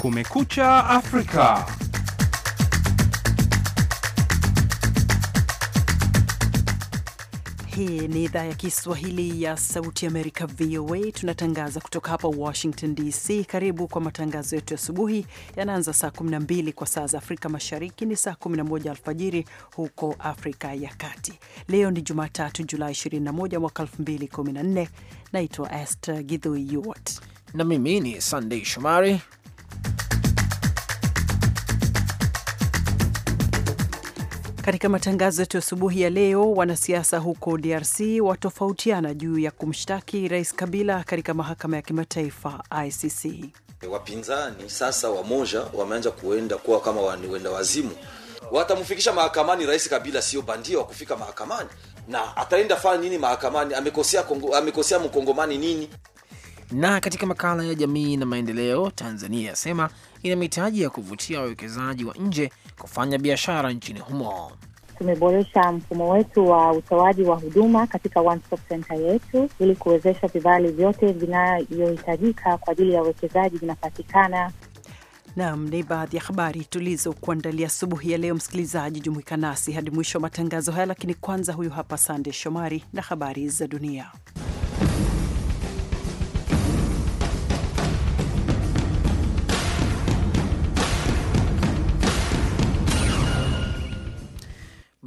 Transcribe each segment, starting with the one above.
Kumekucha Afrika. Hii ni idhaa ya Kiswahili ya Sauti Amerika, VOA. Tunatangaza kutoka hapa Washington DC. Karibu kwa matangazo yetu ya asubuhi, yanaanza saa 12 kwa saa za Afrika Mashariki, ni saa 11 alfajiri huko Afrika ya Kati. Leo ni Jumatatu, Julai 21 mwaka 2014. Naitwa Esther Githui Yuwat na mimi ni sandei Shomari Katika matangazo yetu asubuhi ya leo, wanasiasa huko DRC watofautiana juu ya kumshtaki Rais Kabila katika mahakama ya kimataifa ICC. Wapinzani sasa wamoja wameanza kuenda kuwa kama waniwenda wazimu, watamfikisha mahakamani. Rais Kabila sio bandia wa kufika mahakamani, na ataenda fanya nini mahakamani? Amekosea, amekosea mkongomani nini? Na katika makala ya jamii na maendeleo, Tanzania yasema ina mitaji ya kuvutia wawekezaji wa nje kufanya biashara nchini humo. Tumeboresha mfumo wetu wa utoaji wa huduma katika one stop center yetu ili kuwezesha vibali vyote vinavyohitajika kwa ajili ya uwekezaji vinapatikana. Nam ni baadhi ya habari tulizokuandalia asubuhi ya leo. Msikilizaji, jumuika nasi hadi mwisho wa matangazo haya, lakini kwanza, huyu hapa Sande Shomari na habari za dunia.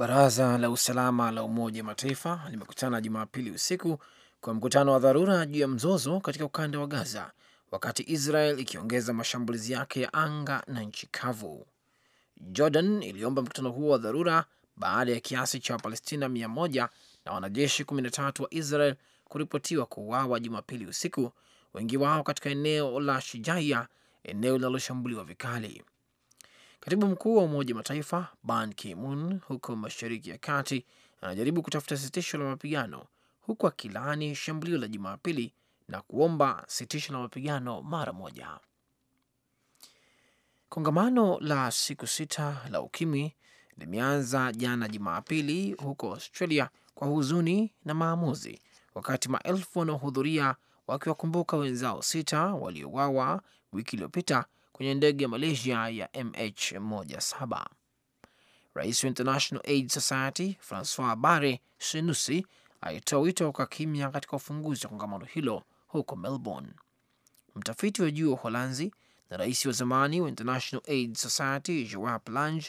Baraza la usalama la Umoja wa Mataifa limekutana Jumapili usiku kwa mkutano wa dharura juu ya mzozo katika ukanda wa Gaza, wakati Israel ikiongeza mashambulizi yake ya anga na nchi kavu. Jordan iliomba mkutano huo wa dharura baada ya kiasi cha Wapalestina mia moja na wanajeshi 13 wa Israel kuripotiwa kuuawa Jumapili usiku, wengi wao katika eneo la Shijaiya, eneo linaloshambuliwa vikali. Katibu mkuu wa Umoja Mataifa Ban Ki-moon huko Mashariki ya Kati anajaribu kutafuta sitisho la mapigano huku akilaani shambulio la Jumapili na kuomba sitisho la mapigano mara moja. Kongamano la siku sita la ukimwi limeanza jana Jumapili huko Australia kwa huzuni na maamuzi, wakati maelfu wanaohudhuria wakiwakumbuka wenzao sita waliowawa wiki iliyopita kwenye ndege ya Malaysia ya MH17. Rais wa International Aid Society Francois Barre Senussi alitoa wito kwa kimya katika ufunguzi wa kongamano hilo huko Melbourne. Mtafiti wa juu wa Uholanzi na rais wa zamani wa International Aid Society Joao Plange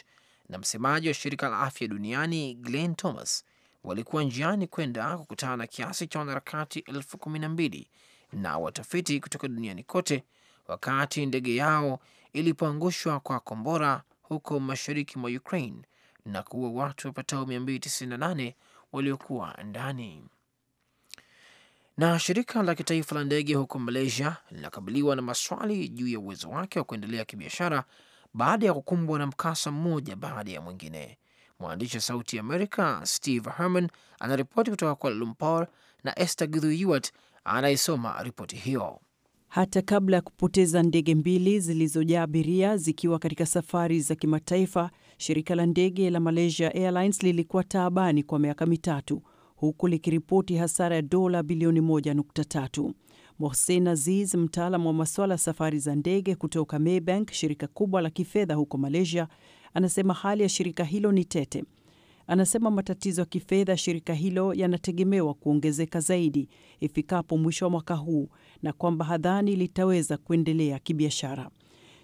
na msemaji wa shirika la afya duniani Glenn Thomas walikuwa njiani kwenda kukutana na kiasi cha wanaharakati elfu kumi na mbili na watafiti kutoka duniani kote wakati ndege yao ilipoangushwa kwa kombora huko mashariki mwa Ukraine na kuua watu wapatao 298 waliokuwa ndani. Na shirika la kitaifa la ndege huko Malaysia linakabiliwa na maswali juu ya uwezo wake wa kuendelea kibiashara baada ya kukumbwa na mkasa mmoja baada ya mwingine. Mwandishi wa Sauti ya Amerika Steve Herman anaripoti kutoka Kuala Lumpur na Esther Githui Yuwat anaisoma ripoti hiyo hata kabla ya kupoteza ndege mbili zilizojaa abiria zikiwa katika safari za kimataifa. Shirika la ndege la Malaysia Airlines lilikuwa taabani kwa miaka mitatu huku likiripoti hasara ya dola bilioni 1.3. Mohsen Aziz, mtaalamu wa masuala ya safari za ndege kutoka Maybank, shirika kubwa la kifedha huko Malaysia, anasema hali ya shirika hilo ni tete Anasema matatizo ya kifedha shirika hilo yanategemewa kuongezeka zaidi ifikapo mwisho wa mwaka huu na kwamba hadhani litaweza kuendelea kibiashara.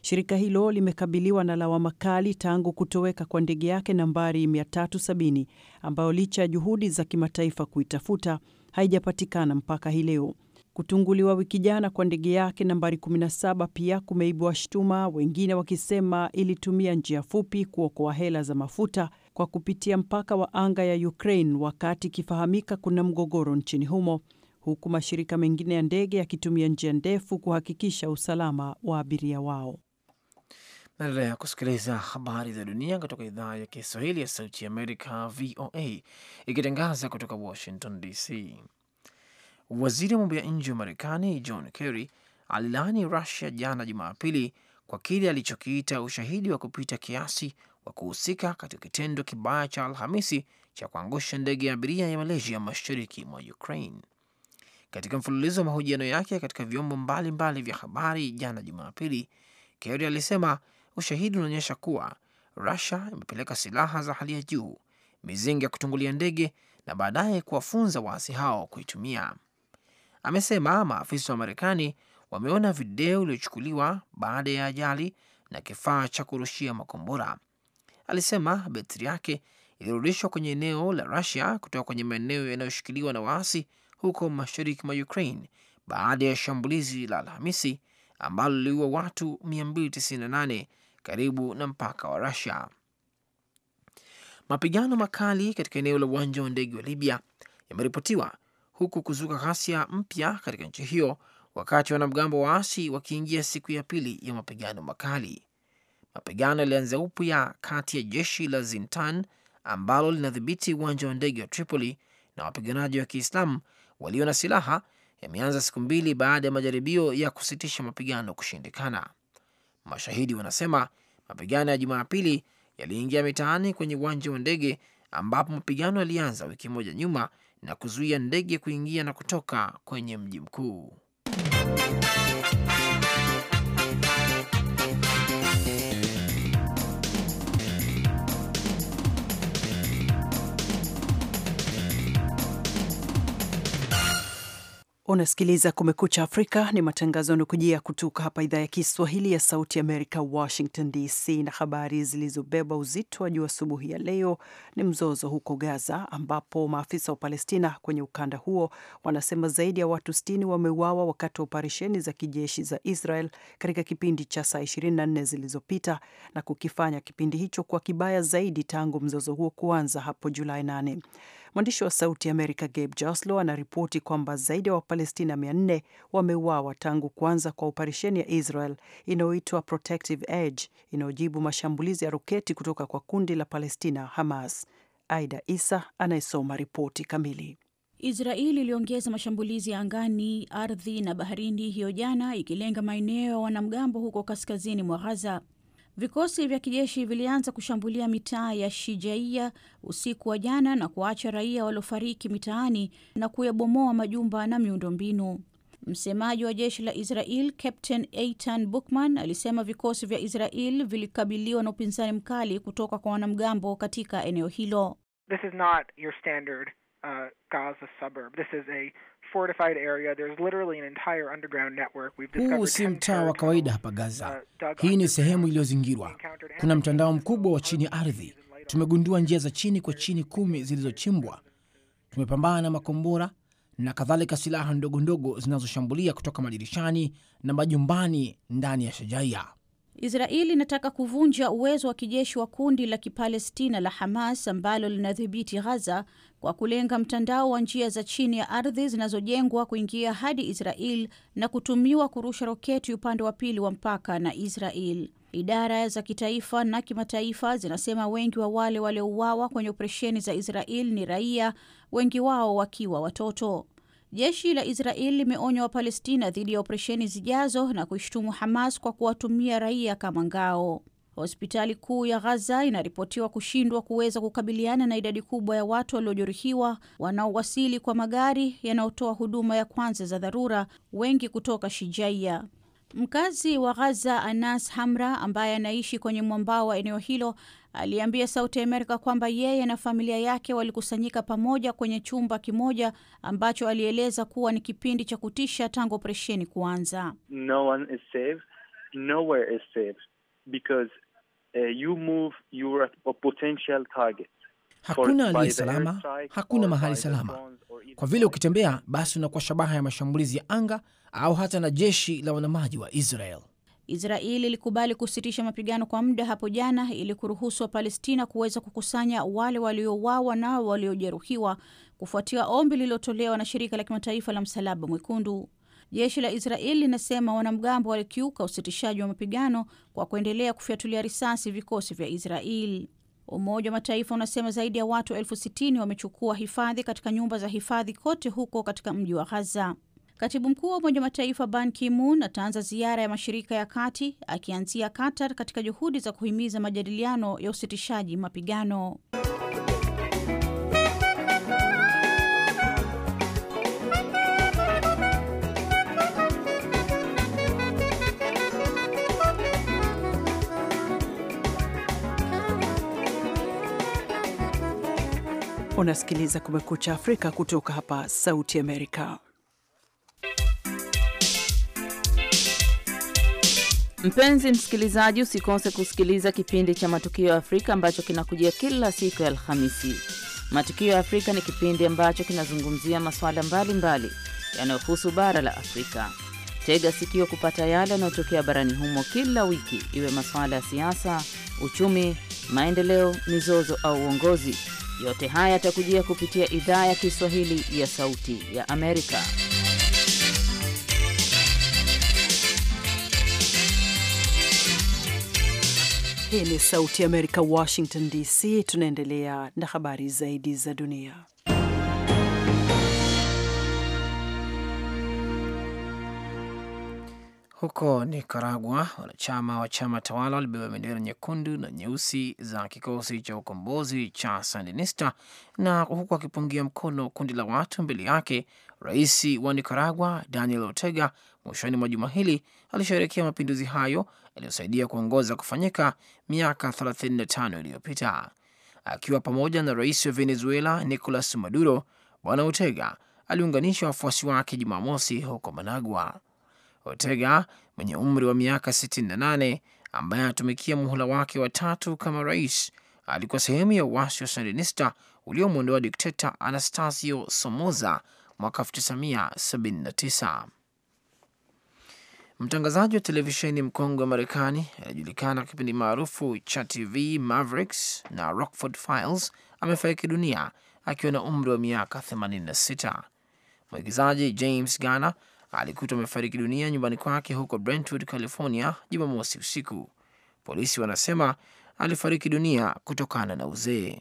Shirika hilo limekabiliwa na lawama kali tangu kutoweka kwa ndege yake nambari 370 ambayo licha ya juhudi za kimataifa kuitafuta haijapatikana mpaka hii leo. Kutunguliwa wiki jana kwa ndege yake nambari 17 pia kumeibua shtuma, wengine wakisema ilitumia njia fupi kuokoa hela za mafuta kwa kupitia mpaka wa anga ya Ukraine wakati ikifahamika kuna mgogoro nchini humo, huku mashirika mengine ya ndege yakitumia njia ndefu kuhakikisha usalama wa abiria wao. Naendelea kusikiliza habari za dunia kutoka idhaa ya Kiswahili ya Sauti ya Amerika, VOA, ikitangaza kutoka Washington DC. Waziri wa mambo ya nje wa Marekani John Kerry alilaani Rusia jana Jumapili kwa kile alichokiita ushahidi wa kupita kiasi kwa kuhusika katika kitendo kibaya cha Alhamisi cha kuangusha ndege ya abiria ya Malaysia mashariki mwa Ukraine. Katika mfululizo wa mahojiano yake katika vyombo mbalimbali vya habari jana Jumapili, Kerry alisema ushahidi unaonyesha kuwa Rusia imepeleka silaha za hali ya juu, mizinga ya kutungulia ndege na baadaye kuwafunza waasi hao kuitumia. Amesema maafisa wa Marekani wameona video iliyochukuliwa baada ya ajali na kifaa cha kurushia makombora alisema betri yake ilirudishwa kwenye eneo la Rusia kutoka kwenye maeneo yanayoshikiliwa na waasi huko mashariki mwa Ukraine baada ya shambulizi la Alhamisi ambalo liliua watu 298 karibu na mpaka wa Rusia. Mapigano makali katika eneo la uwanja wa ndege wa Libya yameripotiwa huku kuzuka ghasia mpya katika nchi hiyo, wakati wanamgambo waasi wakiingia siku ya pili ya mapigano makali mapigano yalianza upya kati ya jeshi la Zintan ambalo linadhibiti uwanja wa ndege wa Tripoli na wapiganaji wa Kiislamu walio na silaha yameanza siku mbili baada ya majaribio ya kusitisha mapigano kushindikana. Mashahidi wanasema mapigano ya Jumapili yaliingia mitaani kwenye uwanja wa ndege ambapo mapigano yalianza wiki moja nyuma na kuzuia ndege kuingia na kutoka kwenye mji mkuu. Unasikiliza Kumekucha Afrika, ni matangazo yanakujia kutoka hapa idhaa ya Kiswahili ya Sauti Amerika, Washington DC. Na habari zilizobeba uzito wa juu asubuhi ya leo ni mzozo huko Gaza, ambapo maafisa wa Palestina kwenye ukanda huo wanasema zaidi ya watu 60 wameuawa wakati wa operesheni za kijeshi za Israel katika kipindi cha saa 24 zilizopita, na kukifanya kipindi hicho kuwa kibaya zaidi tangu mzozo huo kuanza hapo Julai 8. Mwandishi wa Sauti Amerika Gabe Joslow anaripoti kwamba zaidi ya wa Wapalestina 400 wameuawa tangu kuanza kwa operesheni ya Israel inayoitwa Protective Edge inayojibu mashambulizi ya roketi kutoka kwa kundi la Palestina Hamas. Aida Isa anayesoma ripoti kamili. Israel iliongeza mashambulizi ya angani, ardhi na baharini hiyo jana, ikilenga maeneo ya wanamgambo huko kaskazini mwa Ghaza. Vikosi vya kijeshi vilianza kushambulia mitaa ya Shijaia usiku wa jana na kuacha raia waliofariki mitaani na kuyabomoa majumba na miundombinu. Msemaji wa jeshi la Israel Captain Eitan Bukman alisema vikosi vya Israel vilikabiliwa na upinzani mkali kutoka kwa wanamgambo katika eneo hilo. This is not your standard, uh, Gaza suburb. This is a fortified area. There's literally an entire underground network. We've discovered. Huu si mtaa wa kawaida hapa uh, Gaza. Uh, hii ni sehemu iliyozingirwa. Kuna mtandao mkubwa wa chini ardhi. Tumegundua njia za chini kwa chini kumi zilizochimbwa. Tumepambana na makombora na kadhalika, silaha ndogo ndogo zinazoshambulia kutoka madirishani na majumbani ndani ya Shajaia. Israeli inataka kuvunja uwezo wa kijeshi wa kundi la Kipalestina la Hamas ambalo linadhibiti Ghaza kwa kulenga mtandao wa njia za chini ya ardhi zinazojengwa kuingia hadi Israel na kutumiwa kurusha roketi upande wa pili wa mpaka na Israel. Idara za kitaifa na kimataifa zinasema wengi wa wale waliouawa kwenye operesheni za Israel ni raia, wengi wao wakiwa watoto. Jeshi la Israel limeonywa Wapalestina dhidi ya operesheni zijazo na kuishutumu Hamas kwa kuwatumia raia kama ngao. Hospitali kuu ya Ghaza inaripotiwa kushindwa kuweza kukabiliana na idadi kubwa ya watu waliojeruhiwa wanaowasili kwa magari yanayotoa huduma ya kwanza za dharura, wengi kutoka Shijaiya. Mkazi wa Ghaza Anas Hamra ambaye anaishi kwenye mwambao wa eneo hilo aliambia Sauti Amerika kwamba yeye na familia yake walikusanyika pamoja kwenye chumba kimoja ambacho alieleza kuwa ni kipindi cha kutisha tangu operesheni kuanza. No one is safe. Nowhere is safe because uh, you move your potential target. Hakuna aliye salama, hakuna mahali salama. Kwa vile ukitembea, basi unakuwa shabaha ya mashambulizi ya anga au hata na jeshi la wanamaji wa Israel. Israeli ilikubali kusitisha mapigano kwa muda hapo jana ili kuruhusu Wapalestina kuweza kukusanya wale waliouawa na waliojeruhiwa kufuatia ombi lililotolewa na shirika la kimataifa la Msalaba Mwekundu Jeshi la Israeli linasema wanamgambo walikiuka usitishaji wa mapigano kwa kuendelea kufyatulia risasi vikosi vya Israeli. Umoja wa Mataifa unasema zaidi ya watu elfu sitini wamechukua hifadhi katika nyumba za hifadhi kote huko katika mji wa Ghaza. Katibu mkuu wa Umoja wa Mataifa Ban Ki-moon ataanza ziara ya mashirika ya kati akianzia Qatar katika juhudi za kuhimiza majadiliano ya usitishaji mapigano. Unasikiliza Kumekucha Afrika kutoka hapa Sauti Amerika. Mpenzi msikilizaji, usikose kusikiliza kipindi cha Matukio ya Afrika ambacho kinakujia kila siku ya Alhamisi. Matukio ya Afrika ni kipindi ambacho kinazungumzia masuala mbalimbali yanayohusu bara la Afrika. Tega sikio kupata yale yanayotokea barani humo kila wiki, iwe masuala ya siasa, uchumi, maendeleo, mizozo au uongozi. Yote haya yatakujia kupitia idhaa ya Kiswahili ya Sauti ya Amerika. Hii ni Sauti ya Amerika, Washington DC. Tunaendelea na habari zaidi za dunia. Huko Nicaragua, wanachama wa chama tawala walibeba bendera nyekundu na nyeusi za kikosi cha ukombozi cha Sandinista na huku akipungia mkono kundi la watu mbele yake. Rais wa Nicaragua Daniel Ortega mwishoni mwa juma hili alisherekea mapinduzi hayo yaliyosaidia kuongoza kufanyika miaka 35 iliyopita. Akiwa pamoja na rais wa Venezuela Nicolas Maduro, Bwana Ortega aliunganisha wafuasi wake Jumamosi huko Managua. Ortega mwenye umri wa miaka 68 ambaye anatumikia muhula wake wa tatu kama rais alikuwa sehemu ya uasi wa Sandinista uliomwondoa dikteta Anastasio Somoza mwaka 1979. Mtangazaji wa televisheni mkongwe wa Marekani anajulikana kipindi maarufu cha TV Mavericks na Rockford Files amefariki dunia akiwa na umri wa miaka 86. Mwigizaji James Garner alikutwa amefariki dunia nyumbani kwake huko Brentwood, California, Jumamosi usiku. Polisi wanasema alifariki dunia kutokana na uzee.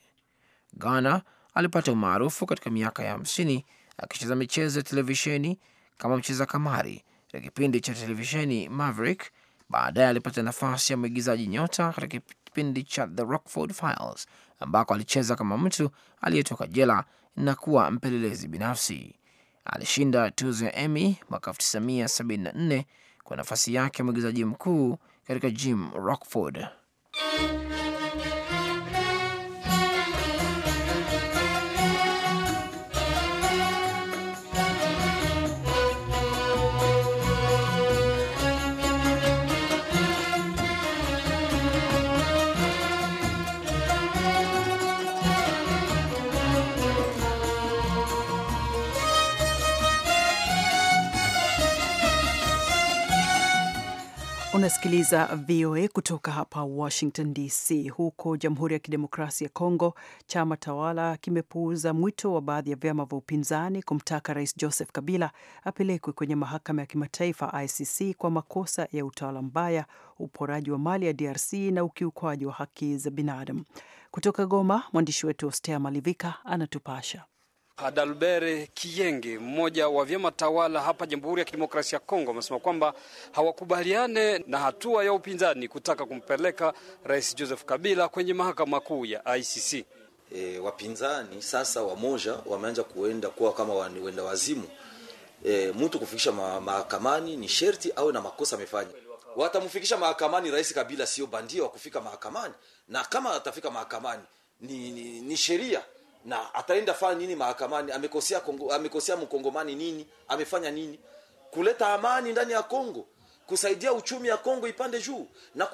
Ghana alipata umaarufu katika miaka ya hamsini akicheza michezo ya televisheni kama mcheza kamari katika kipindi cha televisheni Maverick. Baadaye alipata nafasi ya mwigizaji nyota katika kipindi cha The Rockford Files ambako alicheza kama mtu aliyetoka jela na kuwa mpelelezi binafsi alishinda tuzo ya Emmy mwaka 1974 kwa nafasi yake ya mwigizaji mkuu katika Jim Rockford. Unasikiliza VOA kutoka hapa Washington DC. Huko Jamhuri ya Kidemokrasia ya Kongo, chama tawala kimepuuza mwito wa baadhi ya vyama vya upinzani kumtaka Rais Joseph Kabila apelekwe kwenye mahakama ya kimataifa ICC kwa makosa ya utawala mbaya, uporaji wa mali ya DRC na ukiukwaji wa haki za binadamu. Kutoka Goma, mwandishi wetu Ostea Malivika anatupasha. Adalbere Kiyenge, mmoja wa vyama tawala hapa Jamhuri ya Kidemokrasia ya Kongo, amesema kwamba hawakubaliane na hatua ya upinzani kutaka kumpeleka Rais Joseph Kabila kwenye mahakama kuu ya ICC. E, wapinzani sasa wamoja wameanza kuenda kuwa kama wenda wazimu. E, mtu kufikisha mahakamani ni sherti awe na makosa amefanya. Watamfikisha mahakamani Rais Kabila, sio bandia wa kufika mahakamani, na kama atafika mahakamani ni, ni, ni sheria na ataenda fanya nini mahakamani? Amekosea Kongo, amekosea mkongomani nini? Amefanya nini kuleta amani ndani ya Kongo, kusaidia uchumi ya Kongo ipande juu na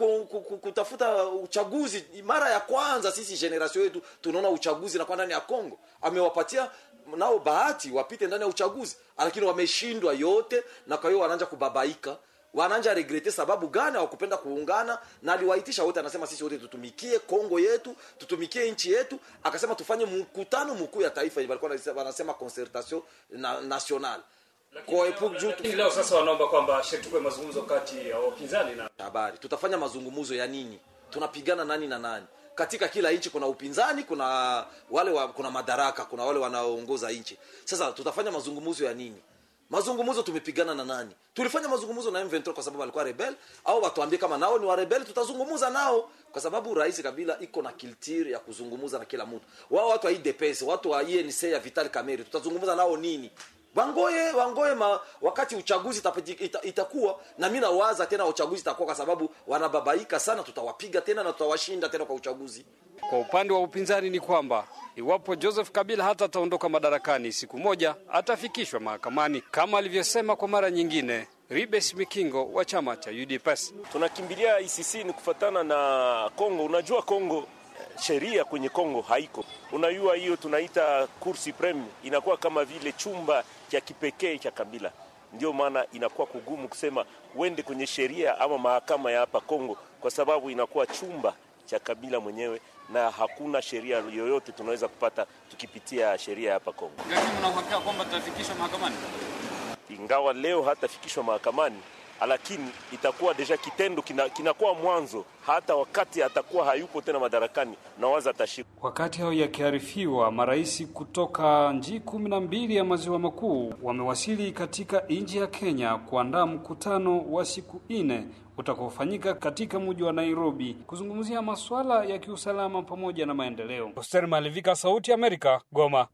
kutafuta uchaguzi. Mara ya kwanza sisi generation yetu tunaona uchaguzi na kwa ndani ya Kongo amewapatia nao bahati wapite ndani ya uchaguzi, lakini wameshindwa yote, na kwa hiyo wanaanza kubabaika wananja regrete sababu gani hawakupenda kuungana, na aliwaitisha wote, anasema sisi wote tutumikie Kongo yetu, tutumikie nchi yetu. Akasema tufanye mkutano mkuu ya taifa, walikuwa wanasema concertation na, national Leo sasa wanaomba kwamba shetupe mazungumzo kati ya wapinzani na habari. Tutafanya mazungumzo ya nini? Tunapigana nani na nani? Katika kila nchi kuna upinzani, kuna wale wa, kuna madaraka, kuna wale wanaoongoza nchi. Sasa tutafanya mazungumzo ya nini? mazungumzo tumepigana na nani tulifanya mazungumzo na M23 kwa sababu alikuwa rebel au watuambie kama nao ni wa rebel tutazungumza nao kwa sababu rais kabila iko na kiltiri ya kuzungumza na kila mtu wao watu wa IDPS watu wa INC ya Vital Kamerhe tutazungumza nao nini wangoye wangoye ma, wakati uchaguzi ita, itakuwa na mimi nawaza tena uchaguzi itakuwa, kwa sababu wanababaika sana, tutawapiga tena na tutawashinda tena kwa uchaguzi. Kwa upande wa upinzani ni kwamba iwapo Joseph Kabila hata ataondoka madarakani, siku moja atafikishwa mahakamani kama alivyosema kwa mara nyingine Ribes Mikingo wa chama cha UDPS. Tunakimbilia ICC ni kufatana na Kongo. Unajua Kongo, eh, sheria kwenye Kongo haiko. Unajua hiyo tunaita Cour Supreme inakuwa kama vile chumba cha kipekee cha kabila. Ndio maana inakuwa kugumu kusema uende kwenye sheria ama mahakama ya hapa Kongo, kwa sababu inakuwa chumba cha kabila mwenyewe, na hakuna sheria yoyote tunaweza kupata tukipitia sheria ya hapa Kongo. Lakini kwamba mahakamani? Ingawa leo hatafikishwa mahakamani, lakini itakuwa deja kitendo kinakuwa kina mwanzo, hata wakati atakuwa hayupo tena madarakani na waza atashika. Wakati hayo yakiarifiwa, marais kutoka nchi kumi na mbili ya maziwa makuu wamewasili katika nchi ya Kenya kuandaa mkutano wa siku nne utakaofanyika katika mji wa Nairobi kuzungumzia masuala ya kiusalama pamoja na maendeleo. Hoster Malivika, Sauti ya Amerika, Goma.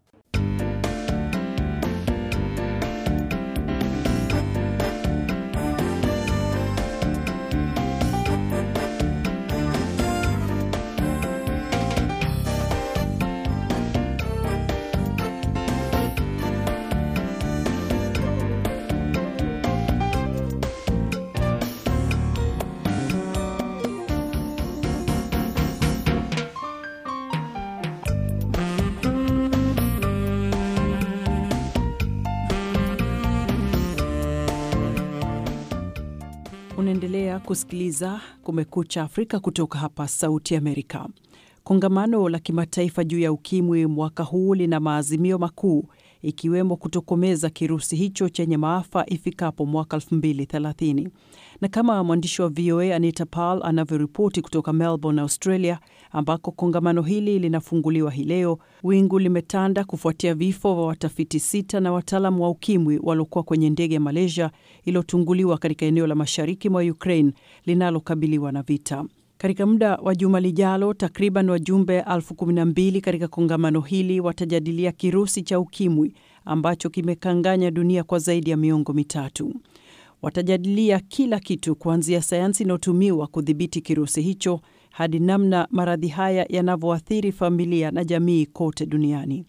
Unaendelea kusikiliza Kumekucha Afrika kutoka hapa Sauti Amerika. Kongamano la kimataifa juu ya ukimwi mwaka huu lina maazimio makuu ikiwemo kutokomeza kirusi hicho chenye maafa ifikapo mwaka na kama mwandishi wa VOA Anita Pal anavyoripoti kutoka Melbourne, Australia, ambako kongamano hili linafunguliwa hii leo, wingu limetanda kufuatia vifo vya watafiti sita na wataalamu wa ukimwi waliokuwa kwenye ndege ya Malaysia iliyotunguliwa katika eneo la mashariki mwa Ukraine linalokabiliwa na vita. Katika muda wa juma lijalo, takriban wajumbe elfu kumi na mbili katika kongamano hili watajadilia kirusi cha ukimwi ambacho kimekanganya dunia kwa zaidi ya miongo mitatu watajadilia kila kitu kuanzia sayansi inayotumiwa kudhibiti kirusi hicho hadi namna maradhi haya yanavyoathiri familia na jamii kote duniani.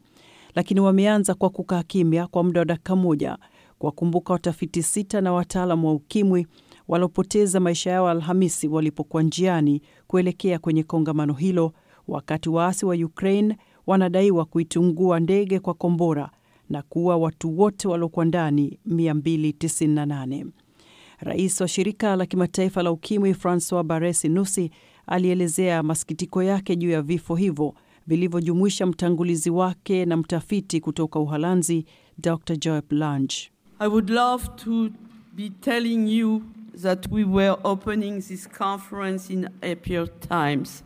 Lakini wameanza kwa kukaa kimya kwa muda wa dakika moja kuwakumbuka watafiti sita na wataalamu wa ukimwi waliopoteza maisha yao Alhamisi walipokuwa njiani kuelekea kwenye kongamano hilo, wakati waasi wa Ukraine wanadaiwa kuitungua ndege kwa kombora na kuua watu wote waliokuwa ndani 298. Rais wa shirika la kimataifa la ukimwi Francois Baresi Nusi alielezea masikitiko yake juu ya vifo hivyo vilivyojumuisha mtangulizi wake na mtafiti kutoka Uholanzi, Dr Joep Lange. I would love to be telling you that we were opening this conference in happier times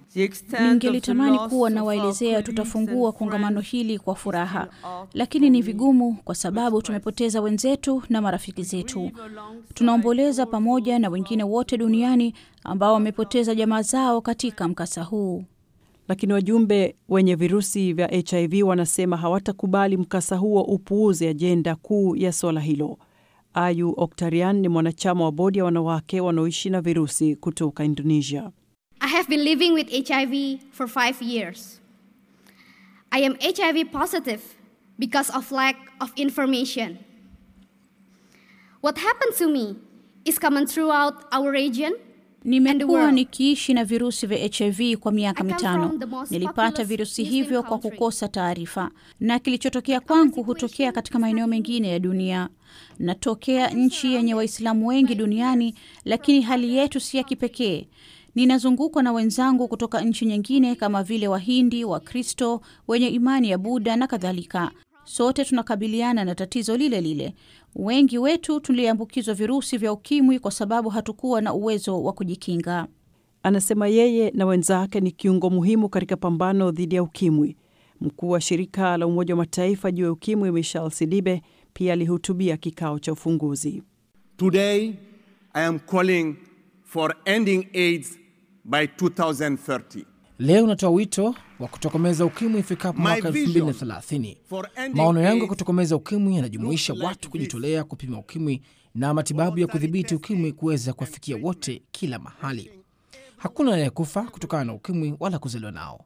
Ningelitamani kuwa nawaelezea tutafungua kongamano hili kwa furaha, lakini ni vigumu kwa sababu tumepoteza wenzetu na marafiki zetu. Tunaomboleza pamoja na wengine wote duniani ambao wamepoteza jamaa zao katika mkasa huu. Lakini wajumbe wenye virusi vya HIV wanasema hawatakubali mkasa huo upuuze ajenda kuu ya swala hilo. Ayu Oktarian ni mwanachama wa bodi ya wanawake wanaoishi na virusi kutoka Indonesia. I have been living with HIV for five years. I am HIV positive because of lack of information. What happened to me is common throughout our region. Nimekuwa nikiishi na virusi vya HIV kwa miaka mitano. Nilipata virusi hivyo kwa kukosa taarifa, na kilichotokea kwangu hutokea katika maeneo mengine ya dunia. Natokea nchi yenye Waislamu wengi duniani, lakini hali yetu si ya kipekee. Ninazungukwa na wenzangu kutoka nchi nyingine kama vile Wahindi, Wakristo wenye imani ya Buddha na kadhalika. Sote tunakabiliana na tatizo lile lile. Wengi wetu tuliambukizwa virusi vya ukimwi kwa sababu hatukuwa na uwezo wa kujikinga. Anasema yeye na wenzake ni kiungo muhimu katika pambano dhidi ya ukimwi. Mkuu wa shirika la Umoja wa Mataifa juu ya ukimwi Michel Sidibe pia alihutubia kikao cha ufunguzi. Today I am calling for ending AIDS by 2030. Leo unatoa wito wa kutokomeza ukimwi ifikapo mwaka 2030. Maono yangu ya kutokomeza ukimwi yanajumuisha watu kujitolea kupima ukimwi na matibabu ya kudhibiti ukimwi kuweza kuwafikia wote kila mahali. Hakuna anayekufa kutokana na ukimwi wala kuzaliwa nao.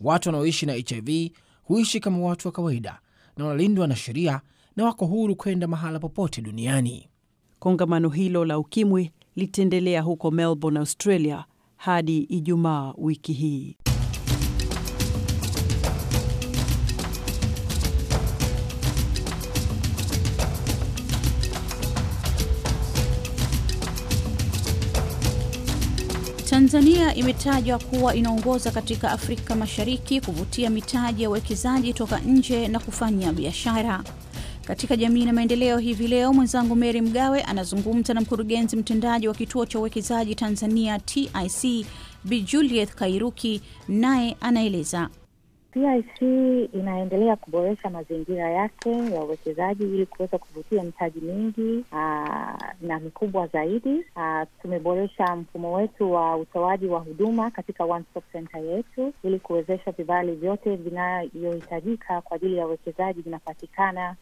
Watu wanaoishi na HIV huishi kama watu wa kawaida na wanalindwa na sheria na wako huru kwenda mahala popote duniani. Kongamano hilo la ukimwi litaendelea huko Melbourne, Australia hadi Ijumaa wiki hii. Tanzania imetajwa kuwa inaongoza katika Afrika Mashariki kuvutia mitaji ya uwekezaji toka nje na kufanya biashara. Katika jamii na maendeleo hivi leo, mwenzangu Mary Mgawe anazungumza na mkurugenzi mtendaji wa kituo cha uwekezaji Tanzania TIC Bi Juliet Kairuki, naye anaeleza. TIC inaendelea kuboresha mazingira yake ya uwekezaji ili kuweza kuvutia mtaji mingi aa, na mikubwa zaidi. tumeboresha mfumo wetu wa utoaji wa huduma katika one stop center yetu ili kuwezesha vibali vyote vinavyohitajika kwa ajili ya uwekezaji vinapatikana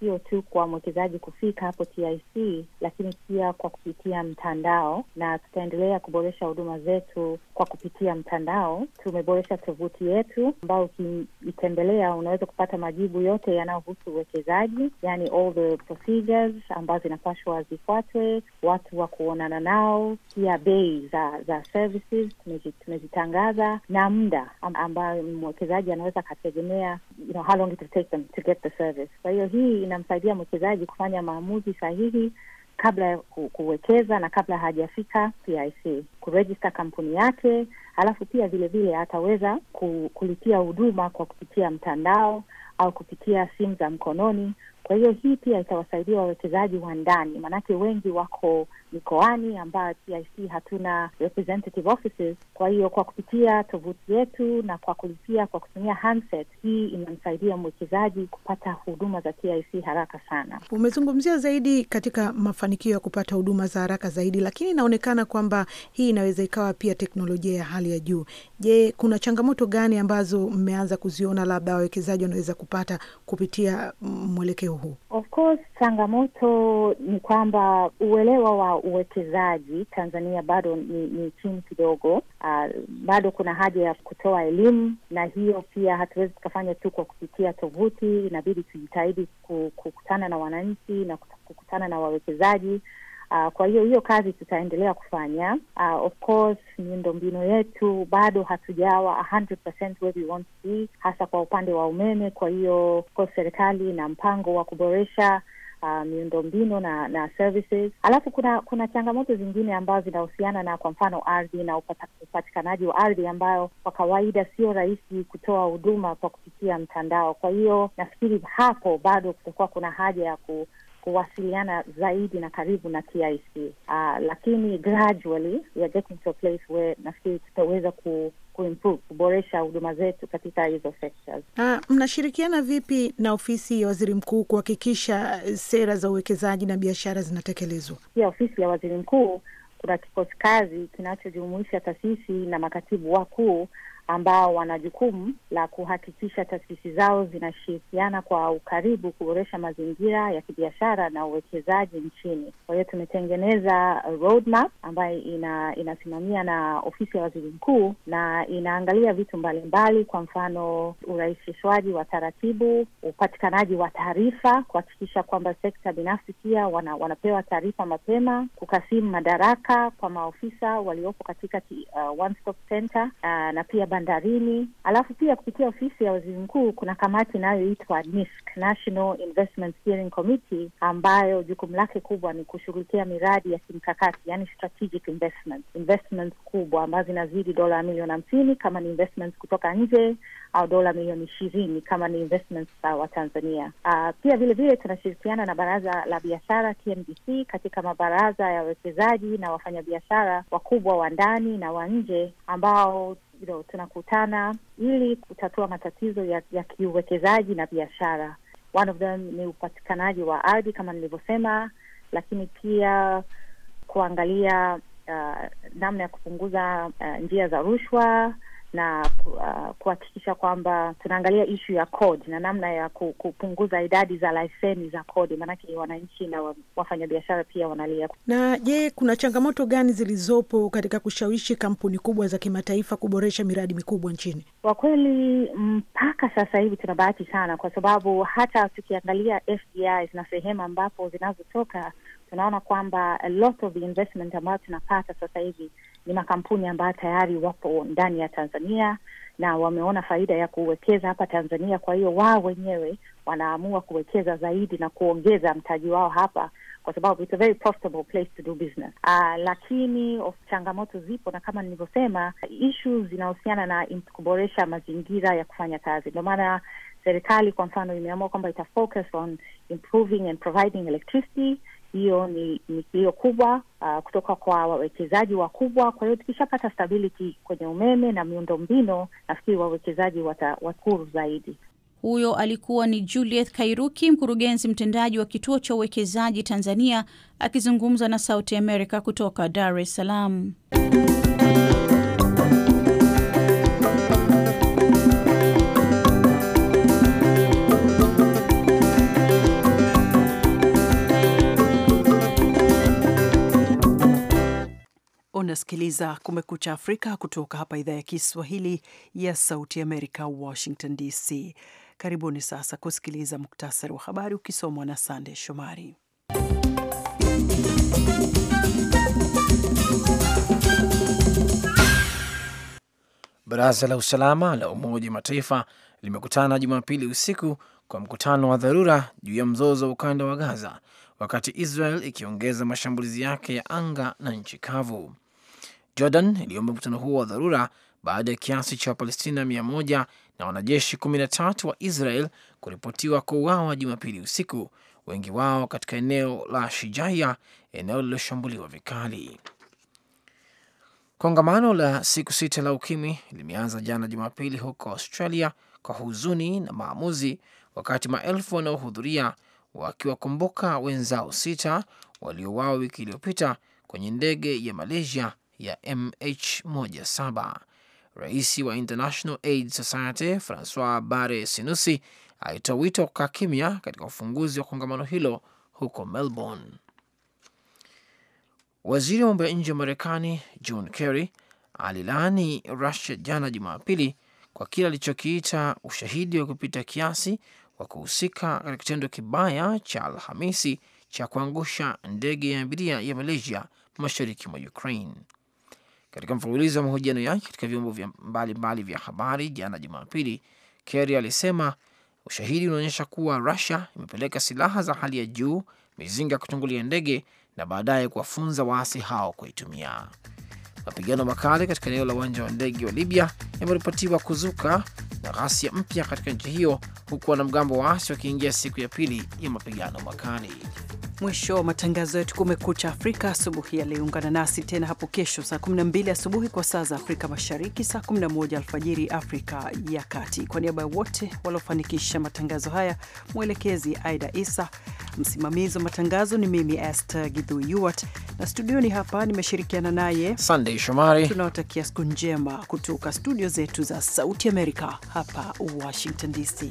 sio tu kwa mwekezaji kufika hapo TIC, lakini pia kwa kupitia mtandao, na tutaendelea kuboresha huduma zetu kwa kupitia mtandao. Tumeboresha tovuti yetu ambayo ukiitembelea unaweza kupata majibu yote yanayohusu uwekezaji, yani all the procedures ambazo zinapashwa zifuatwe, watu wa kuonana nao, pia bei za za services tumezitangaza, na muda ambayo mwekezaji anaweza akategemea, you know, how long it will take them to get the service. Kwa hiyo hii inamsaidia mwekezaji kufanya maamuzi sahihi kabla ya kuwekeza na kabla hajafika PIC kurejista kampuni yake, alafu pia vilevile ataweza kulipia huduma kwa kupitia mtandao au kupitia simu za mkononi kwa hiyo hii pia itawasaidia wawekezaji wa ndani, maanake wengi wako mikoani ambayo TIC hatuna representative offices. Kwa hiyo kwa kupitia tovuti yetu na kwa kulipia kwa kutumia handset, hii inamsaidia mwekezaji kupata huduma za TIC haraka sana. Umezungumzia zaidi katika mafanikio ya kupata huduma za haraka zaidi, lakini inaonekana kwamba hii inaweza ikawa pia teknolojia ya hali ya juu. Je, kuna changamoto gani ambazo mmeanza kuziona labda wawekezaji wanaweza kupata kupitia mwelekeo mwelekeo huu? Of course changamoto ni kwamba uelewa wa uwekezaji Tanzania bado ni, ni chini kidogo. Uh, bado kuna haja ya kutoa elimu, na hiyo pia hatuwezi tukafanya tu kwa kupitia tovuti. Inabidi tujitahidi kukutana na wananchi na kukutana na wawekezaji Uh, kwa hiyo hiyo kazi tutaendelea kufanya. Uh, of course miundombinu yetu bado hatujawa 100% where we want to be, hasa kwa upande wa umeme. Kwa hiyo kwa serikali na mpango wa kuboresha Uh, miundombinu na na services. Alafu kuna kuna changamoto zingine ambazo zinahusiana na kwa mfano ardhi na upatikanaji wa ardhi ambayo kwa kawaida sio rahisi kutoa huduma kwa kupitia mtandao. Kwa hiyo nafikiri hapo bado kutakuwa kuna haja ya ku kuwasiliana zaidi na karibu na TIC. Uh, ah, lakini gradually we are getting to a place where nafikiri tutaweza ku kuimprove kuboresha huduma zetu katika hizo sectors. Ah, mnashirikiana vipi na ofisi ya waziri mkuu kuhakikisha eh, sera za uwekezaji na biashara zinatekelezwa? Pia ofisi ya waziri mkuu kuna kikosi kazi kinachojumuisha taasisi na makatibu wakuu ambao wana jukumu la kuhakikisha taasisi zao zinashirikiana kwa ukaribu kuboresha mazingira ya kibiashara na uwekezaji nchini. Kwa hiyo tumetengeneza roadmap ambayo ina, inasimamia na ofisi ya waziri mkuu na inaangalia vitu mbalimbali kwa mfano urahisishwaji wa taratibu, upatikanaji wa taarifa, kuhakikisha kwamba sekta binafsi pia wana, wanapewa taarifa mapema, kukasimu madaraka kwa maofisa waliopo katika ki, uh, one stop center, uh, na pia bandarini. Alafu pia kupitia ofisi ya waziri mkuu kuna kamati inayoitwa NISC, National Investment Steering Committee, ambayo jukumu lake kubwa ni kushughulikia miradi ya kimkakati, yani strategic investment, kubwa ambazo zinazidi dola milioni hamsini kama ni investments kutoka nje au dola milioni ishirini kama ni investments watanzania Uh, pia vilevile tunashirikiana na baraza la biashara TMDC katika mabaraza ya wawekezaji na wafanyabiashara wakubwa wa ndani na wa nje ambao you know, tunakutana ili kutatua matatizo ya, ya kiuwekezaji na biashara. One of them ni upatikanaji wa ardhi kama nilivyosema, lakini pia kuangalia uh, namna ya kupunguza uh, njia za rushwa na uh, kuhakikisha kwamba tunaangalia ishu ya kodi na namna ya kupunguza idadi za laiseni za kodi, maanake wananchi na wafanyabiashara pia wanalia. Na je, kuna changamoto gani zilizopo katika kushawishi kampuni kubwa za kimataifa kuboresha miradi mikubwa nchini? Kwa kweli, mpaka sasa hivi tuna bahati sana, kwa sababu hata tukiangalia na sehemu ambapo zinazotoka tunaona kwamba a lot of investment ambayo tunapata sasa hivi ni makampuni ambayo tayari wapo ndani ya Tanzania na wameona faida ya kuwekeza hapa Tanzania. Kwa hiyo wao wenyewe wanaamua kuwekeza zaidi na kuongeza mtaji wao hapa, kwa sababu it's a very profitable place to do business. Uh, lakini of changamoto zipo, na kama nilivyosema, ishu zinahusiana na kuboresha mazingira ya kufanya kazi. Ndio maana serikali kwa mfano imeamua kwamba ita on improving and providing electricity hiyo ni, ni kubwa uh, kutoka kwa wawekezaji wakubwa. Kwa hiyo tukishapata stability kwenye umeme na miundombinu, nafikiri wawekezaji watakuru zaidi. Huyo alikuwa ni Julieth Kairuki, mkurugenzi mtendaji wa kituo cha uwekezaji Tanzania, akizungumza na Sauti america kutoka Dar es Salaam. Unasikiliza Kumekucha Afrika kutoka hapa idhaa ya Kiswahili ya Sauti Amerika, Washington DC. Karibuni sasa kusikiliza muktasari wa habari ukisomwa na Sande Shomari. Baraza la Usalama la Umoja wa Mataifa limekutana Jumapili usiku kwa mkutano wa dharura juu ya mzozo wa ukanda wa Gaza, wakati Israel ikiongeza mashambulizi yake ya anga na nchi kavu. Jordan iliomba mkutano huo wa dharura baada ya kiasi cha Wapalestina mia moja na wanajeshi kumi na tatu wa Israel kuripotiwa kuuawa Jumapili usiku, wengi wao katika eneo la Shijaya, eneo lililoshambuliwa vikali. Kongamano la siku sita la ukimwi limeanza jana Jumapili huko Australia kwa huzuni na maamuzi, wakati maelfu wanaohudhuria wakiwakumbuka wenzao sita waliouawa wiki iliyopita kwenye ndege ya Malaysia ya MH17. Rais wa International Aid Society Francois Bare Sinusi alitoa wito kwa kimya katika ufunguzi wa kongamano hilo huko Melbourne. Waziri wa mambo ya nje wa Marekani John Kerry alilaani Rusia jana Jumapili kwa kile alichokiita ushahidi wa kupita kiasi wa kuhusika katika kitendo kibaya cha Alhamisi cha kuangusha ndege ya abiria ya Malaysia mashariki mwa Ukraine. Katika mfululizo wa mahojiano yake katika vyombo vya mbalimbali vya habari jana Jumapili, Kerry alisema ushahidi unaonyesha kuwa Rusia imepeleka silaha za hali ya juu, mizinga ya kutungulia ndege na baadaye kuwafunza waasi hao kuitumia. Mapigano makali katika eneo la uwanja wa ndege wa Libya yameripotiwa kuzuka na ghasia mpya katika nchi hiyo, huku wanamgambo waasi wakiingia siku ya pili ya mapigano makali. Mwisho wa matangazo yetu Kumekucha Afrika asubuhi ya leo. Ungana nasi tena hapo kesho saa 12 asubuhi kwa saa za Afrika Mashariki, saa 11 alfajiri Afrika ya Kati. Kwa niaba ya wote waliofanikisha matangazo haya, mwelekezi Aida Isa, msimamizi wa matangazo ni mimi Esther Gidhu Yuwat, na studioni hapa nimeshirikiana naye Sunday Shomari. Tunawatakia siku njema kutoka studio zetu za Sauti Amerika hapa Washington DC.